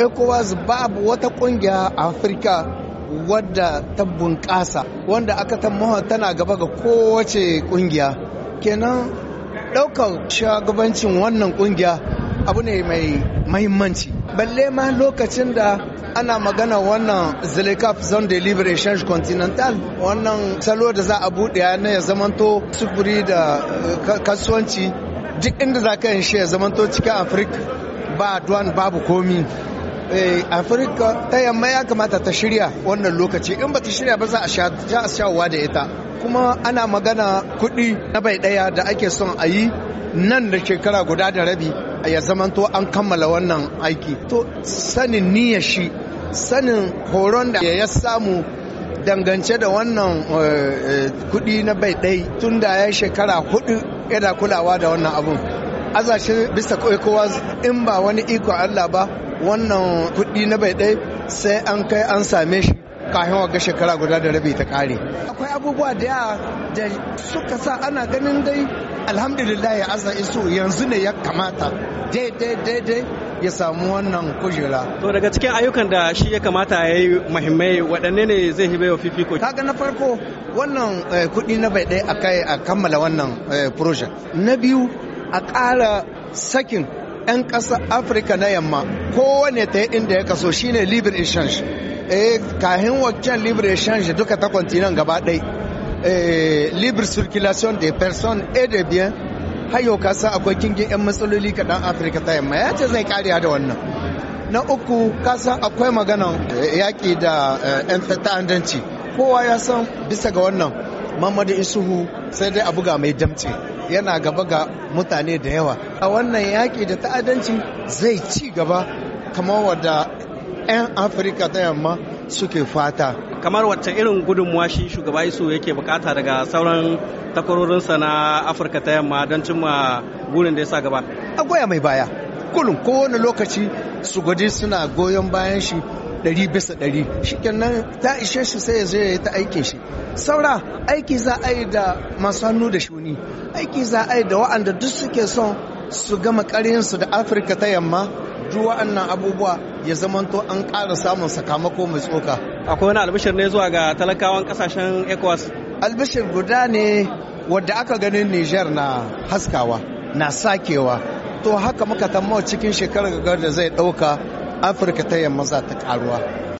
ecowas babu wata kungiya a afirka wadda ta bunƙasa wanda aka tammaha tana gaba ga kowace kungiya kenan ɗaukar shagabancin wannan kungiya abu ne mai mahimmanci balle ma lokacin da ana magana wannan zelekaf zone de libre change continental wannan salo da za a buɗe na ya zamanto sufuri da eh, kasuwanci duk inda za ka yin shi ya zamanto cikin afirka ba duwan babu komi Eh, afirka ta yamma ya kamata ta shirya wannan lokaci in ba ta shirya ba za a shawa da ita kuma ana magana kuɗi na bai ɗaya da ake son a yi nan da shekara guda da rabi ya zamanto an kammala wannan aiki to sanin niyyar shi sanin horon da ya samu dangance da wannan eh, eh, kuɗi na bai ɗai tun da ya shekara hudu yana kulawa da wannan abun azashi bisa kowa in ba wani iko Allah ba wannan kuɗi na bai ɗai sai an kai an same shi kafin waga shekara guda da rabi ta kare. Akwai abubuwa da yawa da suka sa ana ganin dai alhamdulillah ya azna iso yanzu ne ya kamata daidai daidai ya samu wannan kujera. To daga cikin ayyukan da shi ya kamata ya yi muhimmai waɗanne ne zai hibe wa fifiko? Kaga na farko wannan eh, kuɗi na bai ɗaya a kammala wannan eh, project. Na biyu a ƙara sakin 'yan ƙasa afirka na yamma kowane ta inda ya kaso shine libre exchange eh kahin waccan libre exchange duka ta nan gaba ɗai eh, libre circulation de person et de bien hayo kasa akwai kingin 'yan matsaloli kaɗan afirka ta yamma ya ce zai kariya da wannan na uku kasa akwai maganan yaƙi da 'yan eh, ta'addanci kowa ya san bisa ga wannan Muhammadu Isuhu sai dai a buga mai damce yana gaba ga mutane da yawa. A wannan yaƙi da ta'adancin zai ci gaba kamar wadda 'yan Afirka ta yamma suke fata. Kamar wacce irin gudunmuwa shi shugaba Isu yake bukata daga sauran takwarorinsa na Afirka ta yamma don cimma burin da ya sa gaba. A goya mai baya. Kullum kowane lokaci su gudi suna goyon bayan shi ɗari bisa ɗari shi kenan ta ishe shi sai ya zo ya ta aikin shi saura aiki za a yi da masu hannu da shuni aiki za a yi da wa'anda duk suke son su gama ƙarinsu da afirka ta yamma duk wa'annan abubuwa ya zamanto an ƙara samun sakamako mai tsoka akwai wani albishir ne zuwa ga talakawan kasashen ecowas albishir guda ne wadda aka ganin niger na haskawa na sakewa to haka muka tamma cikin shekarar da zai ɗauka afirka ta yamma za ta karuwa